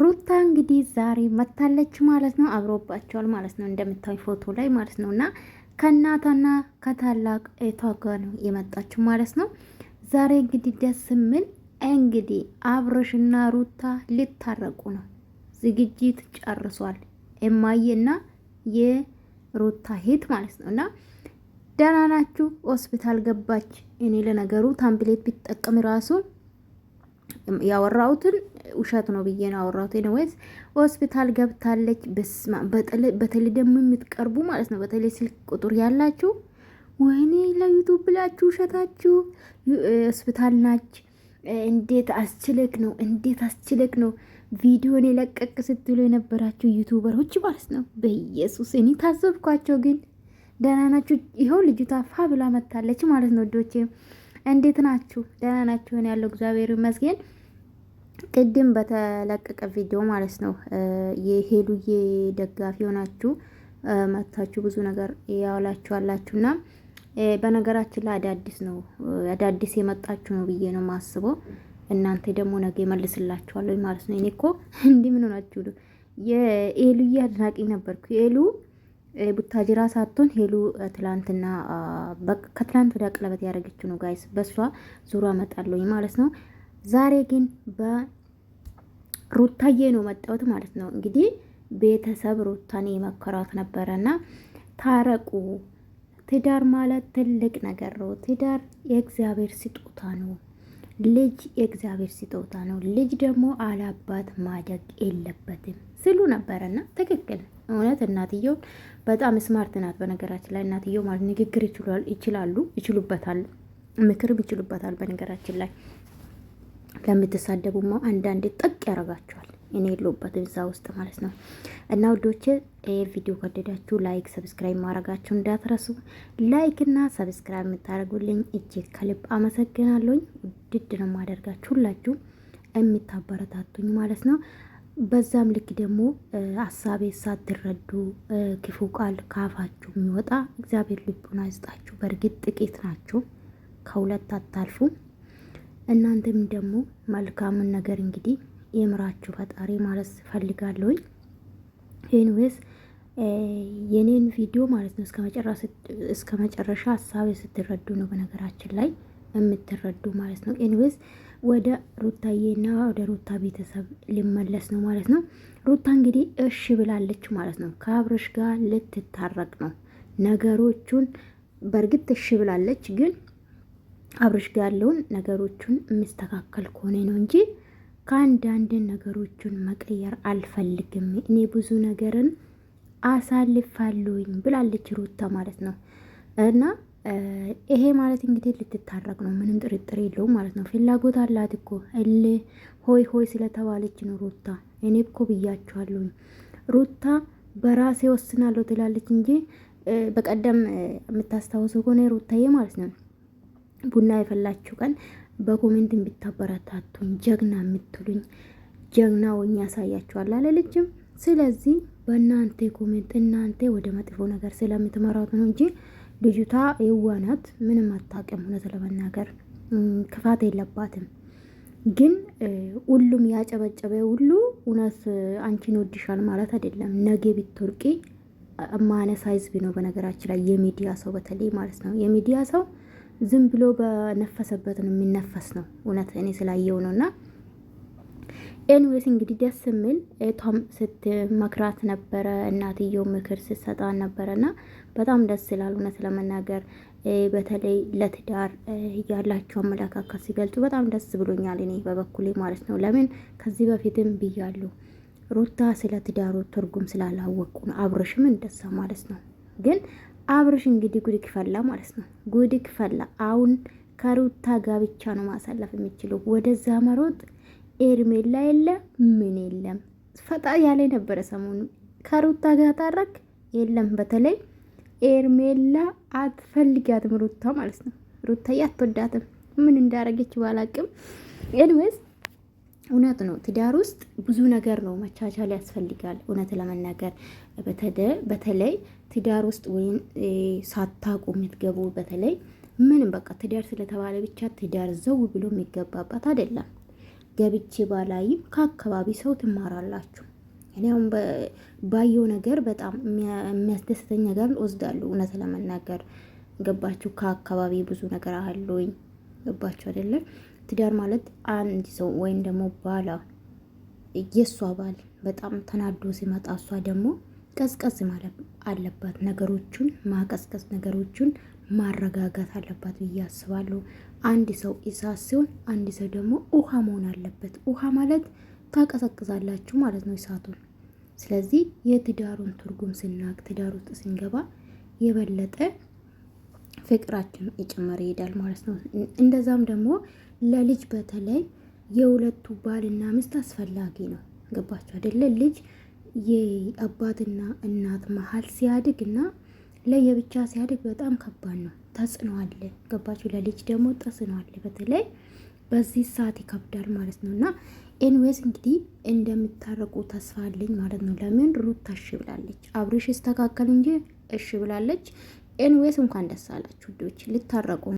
ሩታ እንግዲህ ዛሬ መታለች ማለት ነው። አብሮባቸዋል ማለት ነው እንደምታዩ ፎቶ ላይ ማለት ነው። እና ከእናቷና ከታላቅ እህቷ ጋር ነው የመጣችው ማለት ነው። ዛሬ እንግዲህ ደስ ምን እንግዲህ አብርሽና ሩታ ሊታረቁ ነው። ዝግጅት ጨርሷል። እማዬና የሩታ ሂት ማለት ነው እና ደህና ናችሁ? ሆስፒታል ገባች። እኔ ለነገሩ ታምብሌት ቢጠቀም ራሱን ያወራሁትን ውሸት ነው ብዬ ነው ያወራሁት። ወይስ ሆስፒታል ገብታለች። በተለይ ደግሞ የምትቀርቡ ማለት ነው በተለይ ስልክ ቁጥር ያላችሁ ወይኔ ለዩቱብ ብላችሁ ውሸታችሁ ሆስፒታል ናች። እንዴት አስችለክ ነው እንዴት አስችለክ ነው ቪዲዮን የለቀቅ ስትሉ የነበራችሁ ዩቱበሮች ማለት ነው። በኢየሱስ እኔ ታዘብኳቸው። ግን ደህና ናችሁ? ይኸው ልጅቷ ፋ ብላ መታለች ማለት ነው ወዶቼ እንዴት ናችሁ? ደህና ናችሁን? ያለው እግዚአብሔር ይመስገን። ቅድም በተለቀቀ ቪዲዮ ማለት ነው የሄሉዬ ደጋፊ ሆናችሁ መታችሁ ብዙ ነገር ያውላችሁ አላችሁና በነገራችን ላይ አዳዲስ ነው አዳዲስ የመጣችሁ ነው ብዬ ነው ማስበው። እናንተ ደግሞ ነገ ይመልስላችኋለሁ ማለት ነው። እኔ እኮ እንዲህ ምን ሆናችሁ የሄሉዬ አድናቂ ነበርኩ። ሄሉ ቡታጅራ ሳትሆን ሄሉ ትላንትና ከትላንት ወዲያ ቀለበት ያደረገችው ነው ጋይስ። በእሷ ዙሪያ መጣለኝ ማለት ነው። ዛሬ ግን በሩታዬ ነው መጣሁት ማለት ነው። እንግዲህ ቤተሰብ ሩታን የመከራት ነበረና ታረቁ። ትዳር ማለት ትልቅ ነገር ነው። ትዳር የእግዚአብሔር ስጦታ ነው። ልጅ የእግዚአብሔር ስጦታ ነው። ልጅ ደግሞ አላባት ማደግ የለበትም ስሉ ነበረና ትክክል ነው። እውነት እናትየው በጣም ስማርት ናት። በነገራችን ላይ እናትየው ማለት ንግግር ይችላሉ፣ ይችሉበታል፣ ምክርም ይችሉበታል። በነገራችን ላይ ለምትሳደቡማ አንዳንዴ ጠቅ ያደርጋቸዋል። እኔ የለሁበትም እዛ ውስጥ ማለት ነው። እና ውዶች ይህ ቪዲዮ ከወደዳችሁ ላይክ፣ ሰብስክራይብ ማድረጋችሁ እንዳትረሱ። ላይክ እና ሰብስክራይብ የምታደርጉልኝ እጅግ ከልብ አመሰግናለሁኝ። ውድድ ነው ማደርጋችሁ ሁላችሁ የምታበረታቱኝ ማለት ነው። በዛም ልክ ደግሞ አሳቤ ሳትረዱ ክፉ ቃል ካፋችሁ የሚወጣ እግዚአብሔር ልቡን አይስጣችሁ። በእርግጥ ጥቂት ናችሁ፣ ከሁለት አታልፉም። እናንተም ደግሞ መልካምን ነገር እንግዲህ የምራችሁ ፈጣሪ ማለት ፈልጋለሁኝ። ኤኒዌይስ የኔን ቪዲዮ ማለት ነው እስከ መጨረሻ ሀሳቤ ስትረዱ ነው በነገራችን ላይ የምትረዱ ማለት ነው። ኤኒዌይስ ወደ ሩታዬና ወደ ሩታ ቤተሰብ ልመለስ ነው ማለት ነው። ሩታ እንግዲህ እሺ ብላለች ማለት ነው። ከአብርሽ ጋር ልትታረቅ ነው። ነገሮቹን በእርግጥ እሺ ብላለች፣ ግን አብርሽ ጋር ያለውን ነገሮቹን የሚስተካከል ከሆነ ነው እንጂ ከአንዳንድ ነገሮቹን መቀየር አልፈልግም እኔ ብዙ ነገርን አሳልፋለሁኝ ብላለች ሩታ ማለት ነው እና ይሄ ማለት እንግዲህ ልትታረቅ ነው፣ ምንም ጥርጥር የለውም ማለት ነው። ፍላጎት አላት እኮ እል ሆይ ሆይ ስለተባለች ነው ሩታ። እኔ እኮ ብያችኋለሁ ሩታ በራሴ ወስናለሁ ትላለች እንጂ በቀደም የምታስታውሱ ከሆነ ሩታዬ ማለት ነው ቡና የፈላችሁ ቀን በኮሜንት ብታበረታቱኝ ጀግና የምትሉኝ ጀግና ወኝ ያሳያችኋል አለልችም። ስለዚህ በእናንተ ኮሜንት እናንተ ወደ መጥፎ ነገር ስለምትመራት ነው እንጂ ልጅቷ የዋናት ምንም አታውቅም። እውነት ለመናገር ክፋት የለባትም። ግን ሁሉም ያጨበጨበ ሁሉ እውነት አንቺን ወድሻል ማለት አይደለም። ነገ ቢትወርቂ ማነሳ ህዝብ ነው። በነገራችን ላይ የሚዲያ ሰው በተለይ ማለት ነው የሚዲያ ሰው ዝም ብሎ በነፈሰበት ነው የሚነፈስ ነው። እውነት እኔ ስላየው ነው እና ኤንዌስ እንግዲህ ደስ የሚል ቶም ስትመክራት ነበረ፣ እናትየው ምክር ነበረ ነበረና በጣም ደስ ይላል። እውነት ለመናገር በተለይ ለትዳር ያላቸው አመለካከት ሲገልጹ በጣም ደስ ብሎኛል፣ እኔ በበኩሌ ማለት ነው። ለምን ከዚህ በፊትም ብያለሁ፣ ሩታ ስለ ትዳሩ ትርጉም ስላላወቁ ነው። አብርሽም እንደሳ ማለት ነው። ግን አብርሽ እንግዲህ ጉድክ ፈላ ማለት ነው። ጉድክ ፈላ። አሁን ከሩታ ጋብቻ ነው ማሳለፍ የሚችለው ወደዛ መሮጥ ኤርሜላ የለ ምን የለም ፈጣ ያለ ነበረ ሰሞኑ ከሩታ ጋር ታረክ የለም። በተለይ ኤርሜላ አትፈልጋትም ሩታ ማለት ነው። ሩታ አትወዳትም። ምን እንዳረገች ባላቅም ኤንዌስ እውነት ነው። ትዳር ውስጥ ብዙ ነገር ነው መቻቻል ያስፈልጋል። እውነት ለመናገር በተለይ ትዳር ውስጥ ወይም ሳታቁ የምትገቡ በተለይ ምንም በቃ ትዳር ስለተባለ ብቻ ትዳር ዘው ብሎ የሚገባባት አይደለም። ገብቼ ባላይም ከአካባቢ ሰው ትማራላችሁ። እኔ አሁን ባየው ነገር በጣም የሚያስደስተኝ ነገር ወስዳለሁ እውነት ለመናገር ገባችሁ፣ ከአካባቢ ብዙ ነገር አለኝ። ገባችሁ አይደለም? ትዳር ማለት አንድ ሰው ወይም ደግሞ ባላ የእሷ ባል በጣም ተናዶ ሲመጣ እሷ ደግሞ ቀዝቀዝ ማለት አለባት። ነገሮቹን ማቀዝቀዝ ነገሮቹን ማረጋጋት አለባት ብዬ አስባለሁ። አንድ ሰው እሳት ሲሆን፣ አንድ ሰው ደግሞ ውሃ መሆን አለበት። ውሃ ማለት ታቀሰቅዛላችሁ ማለት ነው እሳቱን። ስለዚህ የትዳሩን ትርጉም ስናቅ፣ ትዳር ውስጥ ስንገባ የበለጠ ፍቅራችን እየጨመረ ይሄዳል ማለት ነው። እንደዛም ደግሞ ለልጅ በተለይ የሁለቱ ባልና ሚስት አስፈላጊ ነው። ገባችሁ አይደለ? ልጅ የአባትና እናት መሀል ሲያድግ እና ለየብቻ ሲያድግ በጣም ከባድ ነው። ተጽዕኖ አለ። ገባችሁ? ለልጅ ደግሞ ተጽዕኖ አለ። በተለይ በዚህ ሰዓት ይከብዳል ማለት ነው እና ኤንዌስ እንግዲህ እንደምታረቁ ተስፋ አለኝ ማለት ነው። ለምን ሩታ እሺ ብላለች፣ አብሬሽ ይስተካከል እንጂ እሺ ብላለች። ኤንዌስ እንኳን ደስ አላችሁ ልጆች ልታረቁ